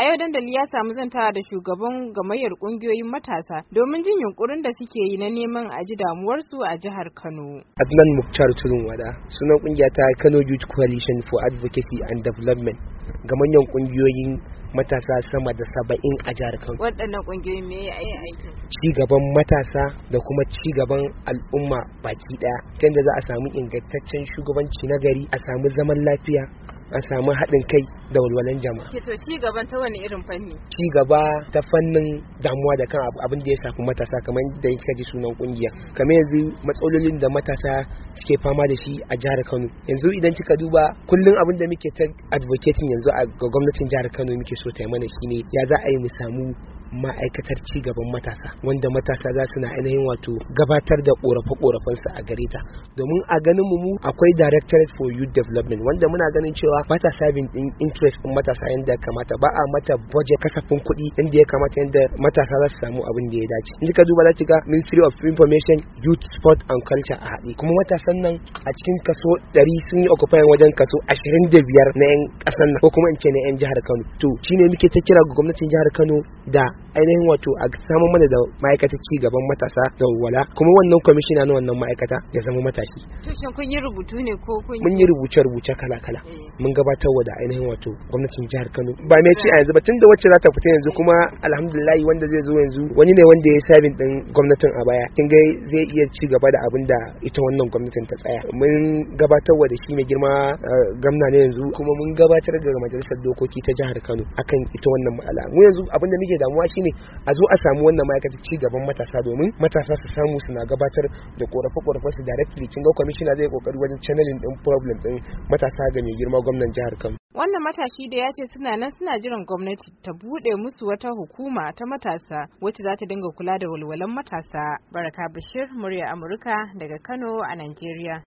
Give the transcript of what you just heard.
A yau dandali ya samu zantawa da shugaban gamayyar kungiyoyin matasa domin jin yunkurin da suke yi na neman a ji damuwarsu a jihar Kano. Adnan Muktar Turun Wada sunan kungiya ta Kano Youth Coalition for Advocacy and Development gamayyar kungiyoyin matasa sama da saba'in a jihar Kano. Waɗannan kungiyoyi me ya yi aikin? Ci gaban matasa da kuma ci gaban al'umma baki ɗaya, tunda za a samu ingantaccen shugabanci na gari, a samu zaman lafiya, a samu haɗin kai da walwalan jama'a. to ci gaban ta wani irin fanni? Ci gaba ta fannin damuwa da kan abin da ya shafi matasa kamar da kika ji sunan kungiya. Kamar yanzu matsalolin da matasa suke fama da shi a jihar Kano. Yanzu idan kika duba kullum abin da muke ta advocating yanzu a gwamnatin jihar Kano muke so ta yi mana shine ya za a yi mu samu ma'aikatar ci gaban matasa wanda matasa za su na ainihin wato gabatar da korafe su a gare ta domin a ganin mu akwai directorate for youth development wanda muna ganin cewa matasa ta din interest din matasa yadda ya kamata ba a mata budget kasafin kuɗi inda ya kamata yadda matasa za su samu abin da ya dace in ka duba za ki ga Ministry of Information Youth Sport and Culture a haɗe kuma matasan nan a cikin kaso 100 sun yi occupy wajen kaso 25 na 'yan ƙasar nan ko kuma in ce na 'yan jihar Kano to shine muke ta kira gwamnatin jihar Kano da ainihin wato a samun mana da ma'aikata ci gaban matasa da wala kuma wannan kwamishina na wannan ma'aikata ya zama matashi to kun yi rubutu ne ko kun mun yi rubuce rubuce kala kala eh. mun gabatar wa da ainihin wato gwamnatin jihar Kano ba mai ci a yanzu ba tunda wacce za ta fita yanzu kuma alhamdulillah wanda zai zo yanzu wani ne wanda ya sabin din gwamnatin a baya kin ga zai iya ci gaba da abin da ita wannan gwamnatin ta tsaya mun gabatar da shi mai girma eh, gwamna ne yanzu kuma mun gabatar da majalisar dokoki ta jihar Kano akan ita wannan ma'ala. Mu yanzu abin da muke damuwa shine shine a zo a samu wannan ma'aikatar ci gaban matasa domin matasa su samu suna gabatar da korafe korafe su directly Kinga ga kwamishina zai kokari wajen channeling din problem din matasa ga mai girma gwamnan jihar Kano wannan matashi da ya ce suna nan suna jiran gwamnati ta bude musu wata hukuma ta matasa wacce za ta dinga kula da walwalan matasa baraka bashir murya amurka daga kano a nigeria